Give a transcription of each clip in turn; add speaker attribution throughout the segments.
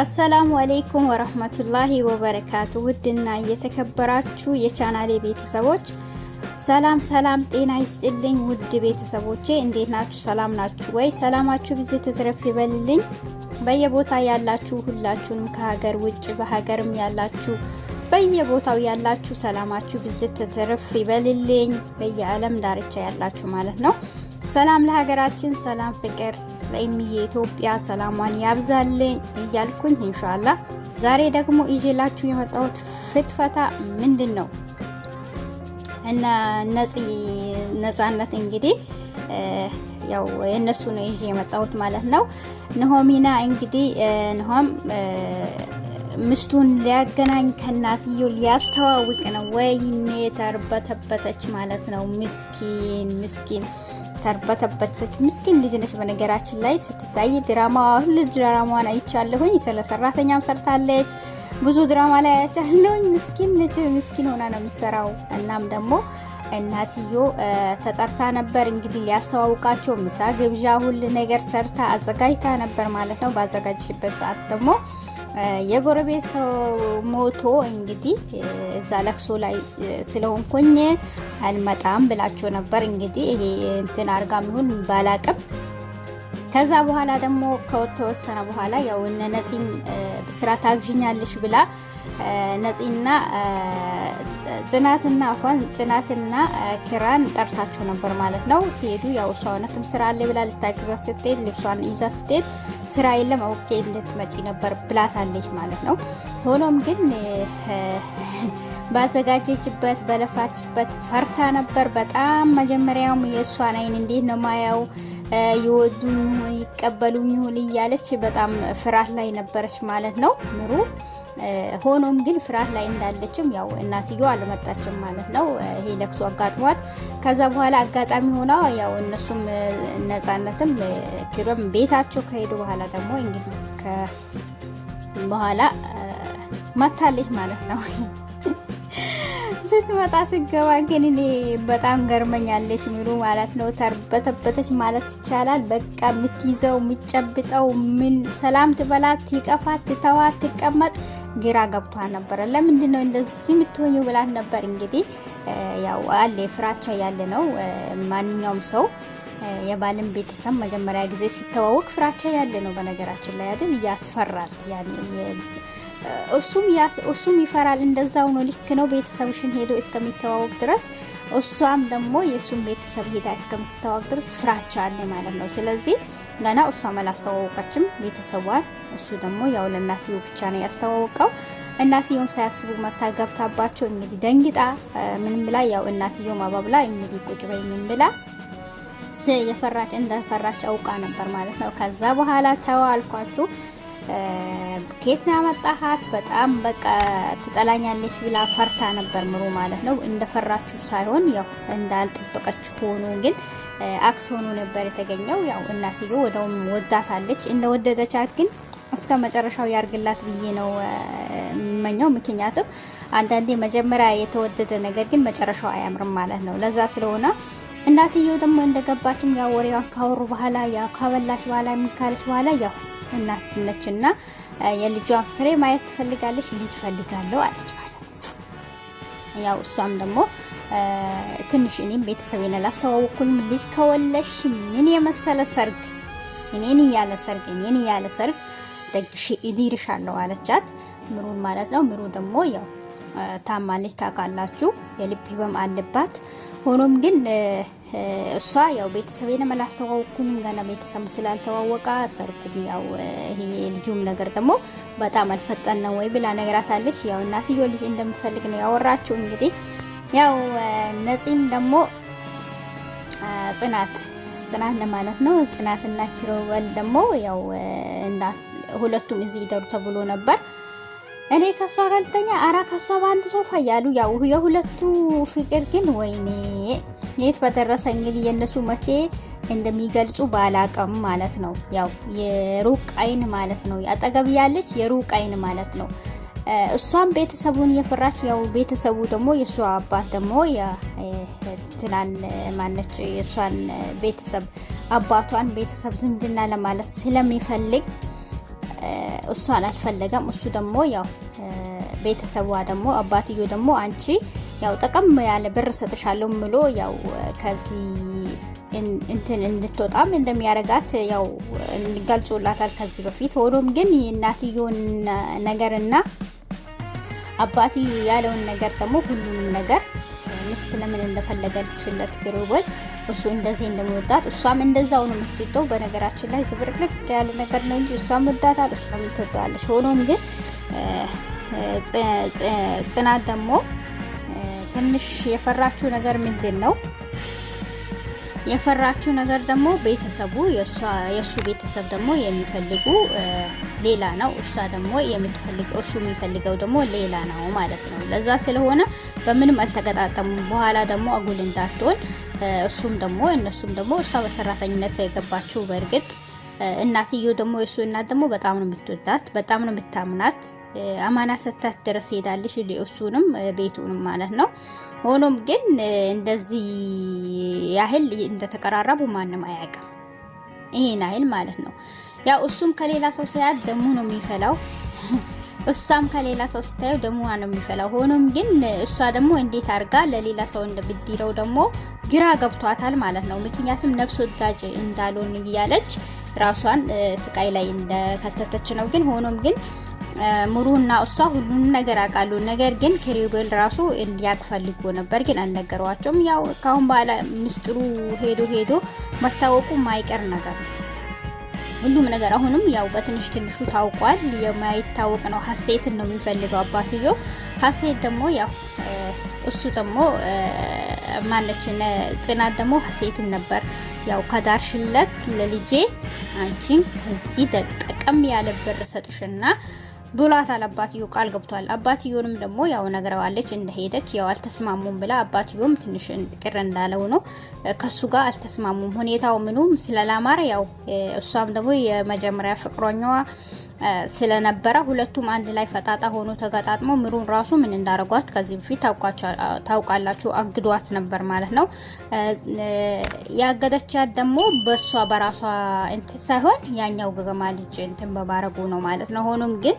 Speaker 1: አሰላሙ አለይኩም ወረህመቱላሂ ወበረካቱ። ውድና የተከበራችሁ የቻናሌ ቤተሰቦች ሰላም ሰላም፣ ጤና ይስጥልኝ። ውድ ቤተሰቦቼ እንዴት ናችሁ? ሰላም ናችሁ ወይ? ሰላማችሁ ብዙ ተትረፍ ይበልልኝ። በየቦታ ያላችሁ ሁላችሁንም ከሀገር ውጭ በሀገርም ያላችሁ በየቦታው ያላችሁ ሰላማችሁ ብዝት ትርፍ ይበልልኝ። በየዓለም ዳርቻ ያላችሁ ማለት ነው። ሰላም ለሀገራችን፣ ሰላም ፍቅር ለእምዬ የኢትዮጵያ ሰላሟን ያብዛልኝ እያልኩኝ እንሻላ ዛሬ ደግሞ ይዤላችሁ የመጣሁት ፍትፈታ ምንድን ነው እና ነጻነት እንግዲህ ያው የእነሱ ነው ይዤ የመጣሁት ማለት ነው። ንሆሚና እንግዲህ ንሆም ምስቱን ሊያገናኝ ከእናትየው ሊያስተዋውቅ ነው። ወይኔ ተርበተበተች ማለት ነው። ምስኪን ምስኪን የተርበተበተች ምስኪን ልጅ ነች። በነገራችን ላይ ስትታይ ድራማ ሁሉ ድራማዋን አይቻለሁኝ። ስለ ሰራተኛም ሰርታለች። ብዙ ድራማ ላይ አይቻለሁኝ። ምስኪን ልጅ ምስኪን ሆና ነው የምትሰራው። እናም ደግሞ እናትዮ ተጠርታ ነበር እንግዲህ ሊያስተዋውቃቸው ምሳ ግብዣ፣ ሁሉ ነገር ሰርታ አዘጋጅታ ነበር ማለት ነው። ባዘጋጅሽበት ሰዓት ደግሞ የጎረቤት ሰው ሞቶ እንግዲህ እዛ ለቅሶ ላይ ስለሆንኩኝ አልመጣም ብላቸው ነበር። እንግዲህ ይሄ እንትን አርጋ ሚሆን ባላቅም ከዛ በኋላ ደግሞ ከተወሰነ በኋላ ያው እነ ነፂም ስራ ታግዥኛለሽ ብላ ነፂና ጽናትና አፏን ጽናትና ኪራን ጠርታችሁ ነበር ማለት ነው። ሲሄዱ ያው እሷ እውነትም ስራ አለ ብላ ልታግዛት ስትሄድ ልብሷን ይዛ ስትሄድ ስራ የለም አውቄ ልትመጪ ነበር ብላታለች ማለት ነው። ሆኖም ግን ባዘጋጀችበት በለፋችበት ፈርታ ነበር በጣም መጀመሪያውም የእሷን አይን እንዴት ነው ማያው ይወዱኝ ይሁን ይቀበሉኝ ይሁን እያለች በጣም ፍርሃት ላይ ነበረች ማለት ነው ምሩ። ሆኖም ግን ፍርሃት ላይ እንዳለችም ያው እናትዮ አልመጣችም ማለት ነው። ይሄ ለቅሶ አጋጥሟት ከዛ በኋላ አጋጣሚ ሆና ያው እነሱም ነጻነትም ኪሮም ቤታቸው ከሄዱ በኋላ ደግሞ እንግዲህ በኋላ መታለች ማለት ነው። ስትመጣ ስገባ ግን እኔ በጣም ገርመኛለች ሚሉ ማለት ነው። ተርበተበተች ማለት ይቻላል። በቃ የምትይዘው የምትጨብጠው ምን ሰላም ትበላት ትቀፋት ትተዋት ትቀመጥ ግራ ገብቷ ነበረ። ለምንድን ነው እንደዚህ የምትሆኘው ብላት ነበር። እንግዲህ ያው አለ ፍራቻ ያለ ነው ማንኛውም ሰው የባልን ቤተሰብ መጀመሪያ ጊዜ ሲተዋወቅ ፍራቻ ያለ ነው። በነገራችን ላይ አይደል ያስፈራል። እሱም እሱም ይፈራል። እንደዛው ነው። ልክ ነው። ቤተሰብሽን ሄዶ እስከሚተዋወቅ ድረስ እሷም ደግሞ የእሱም ቤተሰብ ሄዳ እስከሚተዋወቅ ድረስ ፍራቻ አለ ማለት ነው። ስለዚህ ገና እሷም አላስተዋወቀችም ቤተሰቧን። እሱ ደግሞ ያው ለእናትየው ብቻ ነው ያስተዋወቀው። እናትዮም ሳያስቡ መታ ገብታባቸው እንግዲህ ደንግጣ ምንም ብላ ያው እናትዮ አባብላ እንግዲህ ቁጭ በይ ምን ብላ የፈራች እንደፈራች አውቃ ነበር ማለት ነው። ከዛ በኋላ ተዋልኳችሁ ኬት ነው ያመጣሃት በጣም በቃ ትጠላኛለች ብላ ፈርታ ነበር ምሩ ማለት ነው። እንደፈራችሁ ሳይሆን ያው እንዳልጠበቀች ሆኖ ግን አክስ ሆኖ ነበር የተገኘው። ያው እናትዮ ወደውም ወዳታለች። እንደወደደቻት ግን እስከ መጨረሻው ያርግላት ብዬ ነው የምመኘው። ምክንያቱም አንዳንዴ መጀመሪያ የተወደደ ነገር ግን መጨረሻው አያምርም ማለት ነው። ለዛ ስለሆነ እናትየው ደግሞ እንደገባችም ያው ወሬዋን ካወሩ በኋላ ያው ካበላሽ በኋላ የሚካለች በኋላ ያው እናት ነች እና የልጇን ፍሬ ማየት ትፈልጋለች። ልጅ ፈልጋለሁ አለች ማለት ነው። ያው እሷም ደግሞ ትንሽ እኔም ቤተሰቤን ላስተዋወቅኩኝ ልጅ ከወለሽ ምን የመሰለ ሰርግ እኔን እያለ ሰርግ እኔን እያለ ሰርግ ደግሽ እድርሻለሁ አለቻት። ምሩን ማለት ነው። ምሩ ደግሞ ያው ታማለች ታውቃላችሁ። የልብ ህመም አለባት። ሆኖም ግን እሷ ያው ቤተሰቤንም አላስተዋወቅኩኝም ገና ቤተሰብ ስላልተዋወቀ ሰርጉም ያው ይሄ ልጁም ነገር ደግሞ በጣም አልፈጠን ነው ወይ ብላ ነግራታለች። ያው እናትዮ ልጅ እንደምፈልግ ነው ያወራችው። እንግዲህ ያው ነፂም ደግሞ ጽናት ጽናት ለማለት ነው ጽናትና ኪሮበል ደግሞ ያው ሁለቱም እዚህ ይደሩ ተብሎ ነበር እኔ ከሷ ገልተኛ አራ ከሷ በአንድ ሶፋ እያሉ ያው የሁለቱ ፍቅር ግን ወይኔ የት በደረሰ እንግዲህ የእነሱ መቼ እንደሚገልጹ ባላቀም ማለት ነው። ያው የሩቅ አይን ማለት ነው። አጠገብ ያለች የሩቅ አይን ማለት ነው። እሷም ቤተሰቡን እየፈራች ያው ቤተሰቡ ደግሞ የእሷ አባት ደግሞ ትናን ማነች የእሷን ቤተሰብ አባቷን ቤተሰብ ዝምድና ለማለት ስለሚፈልግ እሷን አልፈለገም። እሱ ደግሞ ያው ቤተሰቧ ደግሞ አባትዮ ደግሞ አንቺ ያው ጠቀም ያለ ብር ሰጥሻለሁ ብሎ ያው ከዚህ እንትን እንድትወጣም እንደሚያረጋት ያው ገልጾላታል ከዚህ በፊት። ሆኖም ግን የእናትዮን ነገርና አባትዮ ያለውን ነገር ደግሞ ሁሉንም ነገር ሚስት ለምን እንደፈለገችለት ግሮበል እሱ እንደዚህ እንደመወዳት እሷም እንደዛው ነው የምትወደው። በነገራችን ላይ ዝብርቅርቅ ያለ ነገር ነው እንጂ እሷም ወዳታል፣ እሷም ትወደዋለች። ሆኖም ግን ጽናት ደግሞ ትንሽ የፈራችው ነገር ምንድን ነው? የፈራችው ነገር ደግሞ ቤተሰቡ የእሱ ቤተሰብ ደግሞ የሚፈልጉ ሌላ ነው። እሷ ደግሞ የምትፈልገው እሱ የሚፈልገው ደግሞ ሌላ ነው ማለት ነው። ለዛ ስለሆነ በምንም አልተገጣጠሙም። በኋላ ደግሞ አጉል እንዳትሆን እሱም ደግሞ እነሱም ደግሞ እሷ በሰራተኝነት የገባችው በእርግጥ እናትዮ ደግሞ የእሱ እናት ደግሞ በጣም ነው የምትወዳት፣ በጣም ነው የምታምናት። አማና ሰታት ድረስ ሄዳለች እሱንም ቤቱንም ማለት ነው ሆኖም ግን እንደዚህ ያህል እንደተቀራረቡ ማንም አያውቅም። ይሄን ያህል ማለት ነው። ያው እሱም ከሌላ ሰው ሲያት ደሙ ነው የሚፈላው፣ እሷም ከሌላ ሰው ስታየው ደሙ ነው የሚፈላው። ሆኖም ግን እሷ ደግሞ እንዴት አድርጋ ለሌላ ሰው እንደብድረው ደግሞ ግራ ገብቷታል ማለት ነው። ምክንያቱም ነፍስ ወዳጅ እንዳልሆን እያለች ራሷን ስቃይ ላይ እንደከተተች ነው። ግን ሆኖም ግን ሙሩና እሷ ሁሉንም ነገር አውቃሉ። ነገር ግን ኪሩቤል ራሱ እንዲያውቅ ነበር፣ ግን አልነገሯቸውም። ያው ካሁን በኋላ ምስጢሩ ሄዶ ሄዶ መታወቁ ማይቀር ነገር ነው። ሁሉም ነገር አሁንም ያው በትንሽ ትንሹ ታውቋል። የማይታወቅ ነው። ሀሴትን ነው የሚፈልገው አባትዮ። ሀሴት ደግሞ ያው እሱ ደግሞ ማነች ጽናት ደግሞ ሀሴትን ነበር ያው ከዳርሽለት ለልጄ አንቺን ከዚህ ጠቀም ያለ ብር ሰጥሽና ብሏታል። አባትዮ ቃል ገብቷል። አባትዮንም ደግሞ ያው ነግረዋለች እንደሄደች ያው አልተስማሙም ብላ አባትዮም ትንሽ ቅር እንዳለው ነው ከሱ ጋር አልተስማሙም። ሁኔታው ምኑም ስለላማረ ያው እሷም ደግሞ የመጀመሪያ ፍቅሮኛዋ ስለነበረ ሁለቱም አንድ ላይ ፈጣጣ ሆኖ ተገጣጥሞ ምሩን ራሱ ምን እንዳረጓት ከዚህ በፊት ታውቃላችሁ፣ አግዷት ነበር ማለት ነው። ያገደቻት ደግሞ በሷ በራሷ እንትን ሳይሆን ያኛው ገገማ ልጅ እንትን በባረጉ ነው ማለት ነው። ሆኖም ግን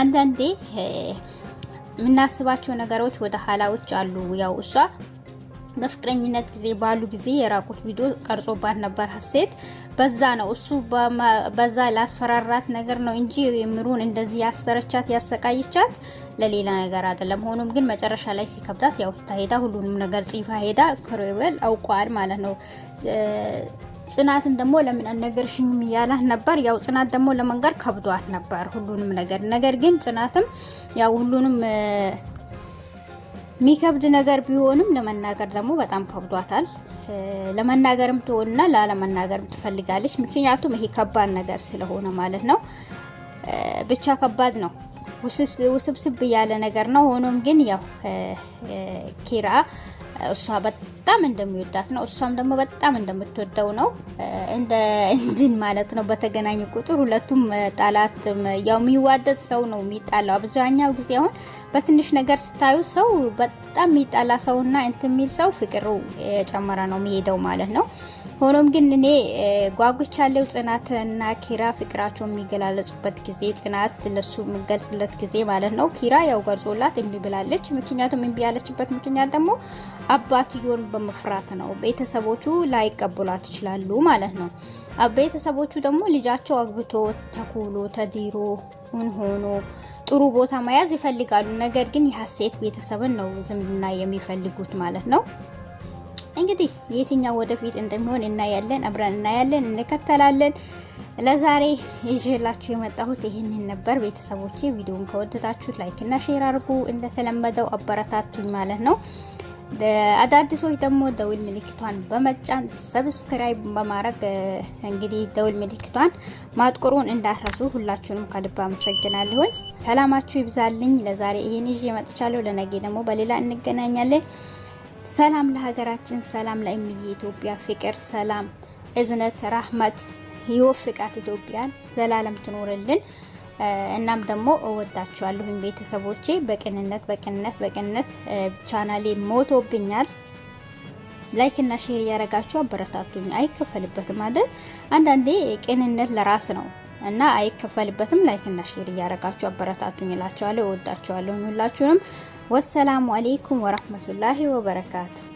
Speaker 1: አንዳንዴ የምናስባቸው ነገሮች ወደ ኋላ ውጭ አሉ። ያው እሷ በፍቅረኝነት ጊዜ ባሉ ጊዜ የራቁት ቪዲዮ ቀርጾባት ነበር ሀሴት። በዛ ነው እሱ በዛ ላስፈራራት ነገር ነው እንጂ የምሩን እንደዚህ ያሰረቻት ያሰቃየቻት ለሌላ ነገር አይደለም። ሆኖም ግን መጨረሻ ላይ ሲከብዳት ያው ታሄዳ ሁሉንም ነገር ጽፋ ሄዳ ክሬበል አውቋል ማለት ነው። ጽናትን ደግሞ ለምን አልነገርሽኝም እያላት ነበር። ያው ጽናት ደግሞ ለመንገር ከብዷት ነበር ሁሉንም ነገር። ነገር ግን ጽናትም ያው ሁሉንም የሚከብድ ነገር ቢሆንም ለመናገር ደግሞ በጣም ከብዷታል። ለመናገርም ትሆንና ላለመናገርም ትፈልጋለች። ምክንያቱም ይሄ ከባድ ነገር ስለሆነ ማለት ነው። ብቻ ከባድ ነው፣ ውስብስብ ያለ ነገር ነው። ሆኖም ግን ያው ኪራ እሷ በጣም እንደሚወዳት ነው፣ እሷም ደግሞ በጣም እንደምትወደው ነው። እንደ እንዲን ማለት ነው። በተገናኙ ቁጥር ሁለቱም ጣላት። ያው የሚዋደድ ሰው ነው የሚጣላው። አብዛኛው ጊዜ አሁን በትንሽ ነገር ስታዩ ሰው በጣም የሚጣላ ሰውና እንትን የሚል ሰው ፍቅሩ የጨመረ ነው የሚሄደው ማለት ነው። ሆኖም ግን እኔ ጓጉቻለሁ ጽናትና ኪራ ፍቅራቸው የሚገላለጹበት ጊዜ፣ ጽናት ለሱ የምገልጽለት ጊዜ ማለት ነው። ኪራ ያው ገርጾላት እምቢ ብላለች። ምክንያቱም እምቢ ያለችበት ምክንያት ደግሞ አባትዮን በመፍራት ነው። ቤተሰቦቹ ላይቀበሏት ይችላሉ ማለት ነው። ቤተሰቦቹ ደግሞ ልጃቸው አግብቶ ተኩሎ ተዲሮ ሆኖ ጥሩ ቦታ መያዝ ይፈልጋሉ። ነገር ግን የሀሴት ቤተሰብን ነው ዝምድና የሚፈልጉት ማለት ነው። እንግዲህ የትኛው ወደፊት እንደሚሆን እናያለን፣ አብረን እናያለን፣ እንከተላለን። ለዛሬ ይዤላችሁ የመጣሁት ይህንን ነበር። ቤተሰቦቼ ቪዲዮን ከወደዳችሁት ላይክ እና ሼር አድርጉ። እንደተለመደው አበረታቱኝ ማለት ነው። አዳዲሶች ደግሞ ደውል ምልክቷን በመጫን ሰብስክራይብ በማድረግ እንግዲህ ደውል ምልክቷን ማጥቆሩን እንዳረሱ ሁላችሁንም ከልብ አመሰግናለሁኝ። ሰላማችሁ ይብዛልኝ። ለዛሬ ይሄን ይዤ መጥቻለሁ። ለነገ ደግሞ በሌላ እንገናኛለን። ሰላም ለሀገራችን፣ ሰላም ለእምዬ ኢትዮጵያ፣ ፍቅር፣ ሰላም፣ እዝነት፣ ራህመት ይወፍቃት ኢትዮጵያን ዘላለም ትኖርልን። እናም ደግሞ እወዳችኋለሁኝ ቤተሰቦቼ። በቅንነት በቅንነት በቅንነት ቻናሌ ሞቶብኛል። ላይክ እና ሼር እያረጋችሁ አበረታቱኝ። አይከፈልበትም አይደል? አንዳንዴ ቅንነት ለራስ ነው እና አይከፈልበትም። ላይክ እና ሼር እያረጋችሁ አበረታቱኝ እላችኋለሁ። እወዳችኋለሁኝ ሁላችሁንም። ወሰላሙ አሌይኩም ወራህመቱላሂ ወበረካቱ